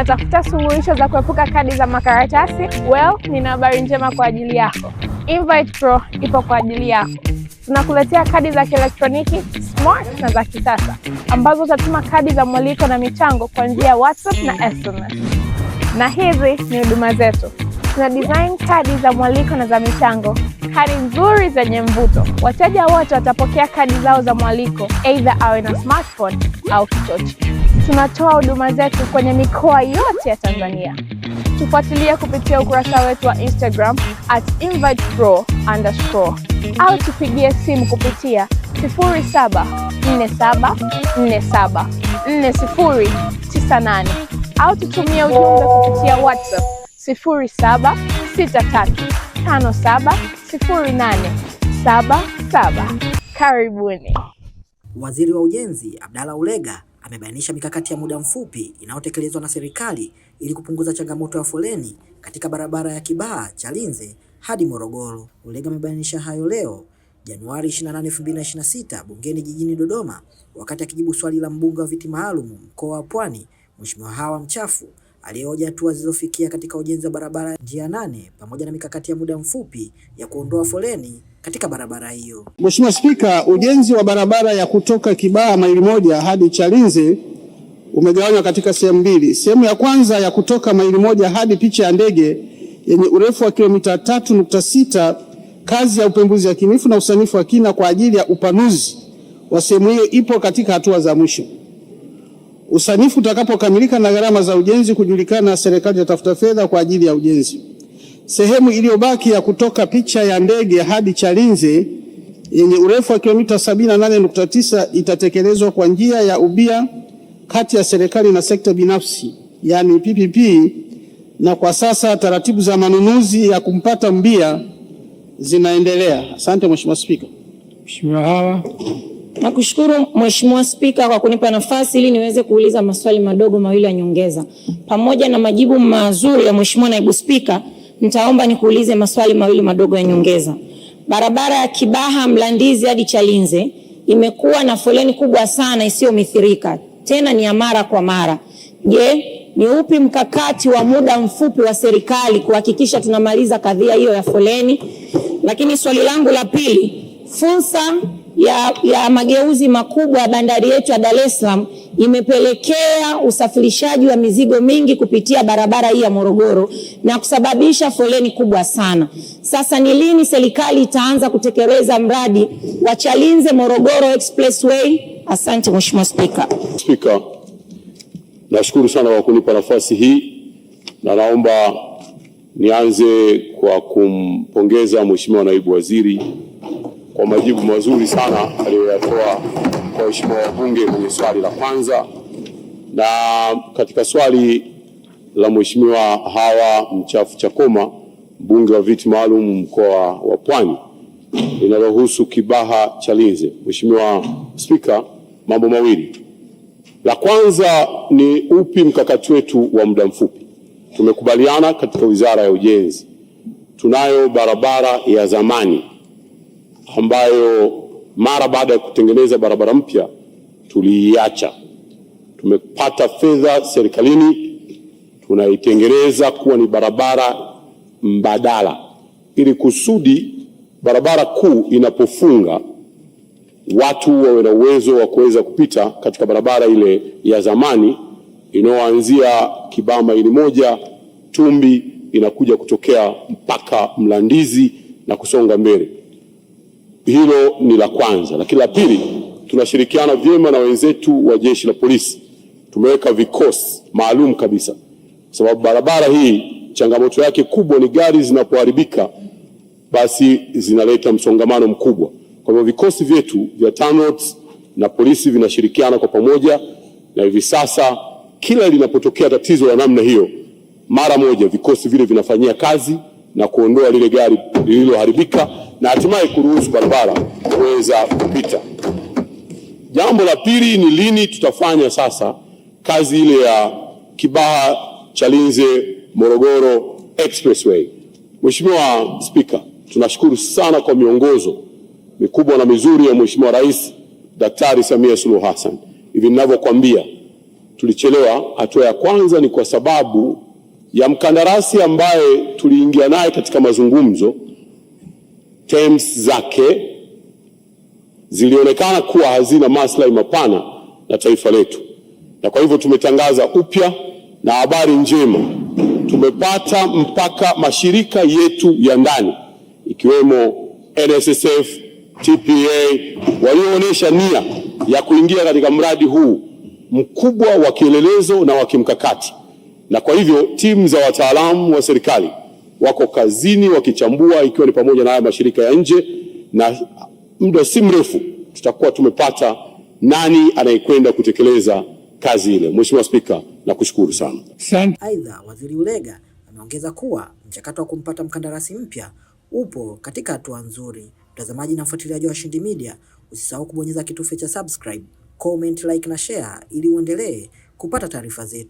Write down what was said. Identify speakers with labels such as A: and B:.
A: Unatafuta suluhisho za kuepuka kadi za makaratasi? Well, nina habari njema kwa ajili yako. Invite Pro ipo kwa ajili yako. Tunakuletea kadi za kielektroniki smart na za kisasa ambazo utatuma kadi za mwaliko na michango kwa njia ya WhatsApp na SMS. Na hizi ni huduma zetu. Tuna design kadi za mwaliko na za michango, kadi nzuri zenye mvuto. Wateja wote watapokea kadi zao za mwaliko, aidha awe na smartphone au kichochi tunatoa huduma zetu kwenye mikoa yote ya Tanzania. Tufuatilie kupitia ukurasa wetu wa Instagram at invitepro underscore au tupigie simu kupitia 0747474098 au tutumie ujumbe kupitia WhatsApp 0763570877. Karibuni.
B: Waziri wa Ujenzi Abdalla Ulega amebainisha mikakati ya muda mfupi inayotekelezwa na serikali ili kupunguza changamoto ya foleni katika barabara ya Kibaha Chalinze hadi Morogoro. Ulega amebainisha hayo leo Januari 28, 2026 bungeni jijini Dodoma wakati akijibu swali la mbunge wa viti maalum mkoa wa Pwani Mheshimiwa Hawa Mchafu aliyehoji hatua zilizofikia katika ujenzi wa barabara njia nane pamoja na mikakati ya muda mfupi ya kuondoa foleni katika barabara hiyo.
C: Mheshimiwa Spika, ujenzi wa barabara ya kutoka Kibaha maili moja hadi Chalinze umegawanywa katika sehemu mbili. Sehemu ya kwanza ya kutoka maili moja hadi picha ya ndege yenye urefu wa kilomita tatu nukta sita kazi ya upembuzi yakinifu na usanifu wa kina kwa ajili ya upanuzi wa sehemu hiyo ipo katika hatua za mwisho usanifu utakapokamilika na gharama za ujenzi kujulikana, serikali itatafuta fedha kwa ajili ya ujenzi. Sehemu iliyobaki ya kutoka picha ya ndege hadi Chalinze yenye urefu wa kilomita 78.9 itatekelezwa kwa njia ya ubia kati ya serikali na sekta binafsi, yaani PPP, na kwa sasa taratibu za manunuzi ya kumpata mbia zinaendelea. Asante Mheshimiwa Spika.
D: Mheshimiwa Hawa.
E: Nakushukuru Mheshimiwa Spika kwa kunipa nafasi ili niweze kuuliza maswali madogo mawili ya nyongeza. Pamoja na majibu mazuri ya Mheshimiwa Naibu Spika, nitaomba nikuulize maswali mawili madogo ya nyongeza. Barabara ya Kibaha Mlandizi hadi Chalinze imekuwa na foleni kubwa sana isiyomithirika, tena ni ya mara kwa mara. Je, ni upi mkakati wa muda mfupi wa serikali kuhakikisha tunamaliza kadhia hiyo ya foleni? Lakini swali langu la pili, fursa ya, ya mageuzi makubwa ya bandari yetu ya Dar es Salaam imepelekea usafirishaji wa mizigo mingi kupitia barabara hii ya Morogoro na kusababisha foleni kubwa sana. Sasa ni lini serikali itaanza kutekeleza mradi wa Chalinze Morogoro Expressway? Asante Mheshimiwa Spika.
F: Spika, nashukuru sana kwa kunipa nafasi hii na naomba nianze kwa kumpongeza Mheshimiwa Naibu Waziri kwa majibu mazuri sana aliyoyatoa kwa waheshimiwa wabunge kwenye swali la kwanza na katika swali la Mheshimiwa Hawa Mchafu Chakoma, mbunge wa viti maalum mkoa wa Pwani, linalohusu Kibaha Chalinze. Mheshimiwa Spika, mambo mawili. La kwanza ni upi mkakati wetu wa muda mfupi? Tumekubaliana katika Wizara ya Ujenzi tunayo barabara ya zamani ambayo mara baada ya kutengeneza barabara mpya tuliiacha. Tumepata fedha serikalini, tunaitengeneza kuwa ni barabara mbadala, ili kusudi barabara kuu inapofunga watu wawe na uwezo wa kuweza kupita katika barabara ile ya zamani inayoanzia Kibaa ili moja Tumbi inakuja kutokea mpaka Mlandizi na kusonga mbele. Hilo ni la kwanza, lakini la pili, tunashirikiana vyema na wenzetu wa jeshi la polisi. Tumeweka vikosi maalum kabisa, kwa sababu barabara hii changamoto yake kubwa ni gari zinapoharibika, basi zinaleta msongamano mkubwa. Kwa hivyo vikosi vyetu vya TANROADS na polisi vinashirikiana kwa pamoja, na hivi sasa kila linapotokea tatizo la namna hiyo, mara moja vikosi vile vinafanyia kazi na kuondoa lile gari lililoharibika na hatimaye kuruhusu barabara kuweza kupita. Jambo la pili ni lini tutafanya sasa kazi ile ya Kibaha Chalinze Morogoro Expressway. Mheshimiwa Spika, tunashukuru sana kwa miongozo mikubwa na mizuri ya Mheshimiwa Rais Daktari Samia Suluhu Hassan. Hivi ninavyokwambia tulichelewa. Hatua ya kwanza ni kwa sababu ya mkandarasi ambaye tuliingia naye katika mazungumzo terms zake zilionekana kuwa hazina maslahi mapana na taifa letu, na kwa hivyo tumetangaza upya. Na habari njema, tumepata mpaka mashirika yetu ya ndani ikiwemo NSSF, TPA walioonyesha nia ya kuingia katika mradi huu mkubwa wa kielelezo na wa kimkakati, na kwa hivyo timu za wataalamu wa serikali wako kazini wakichambua, ikiwa ni pamoja na haya mashirika ya nje, na muda si mrefu tutakuwa tumepata nani anayekwenda kutekeleza kazi ile. Mheshimiwa Spika, nakushukuru sana.
B: Aidha, Waziri Ulega ameongeza kuwa mchakato wa kumpata mkandarasi mpya upo katika hatua nzuri. Mtazamaji na mfuatiliaji wa Washindi Media, usisahau kubonyeza kitufe cha subscribe, comment, like na share ili uendelee kupata taarifa zetu.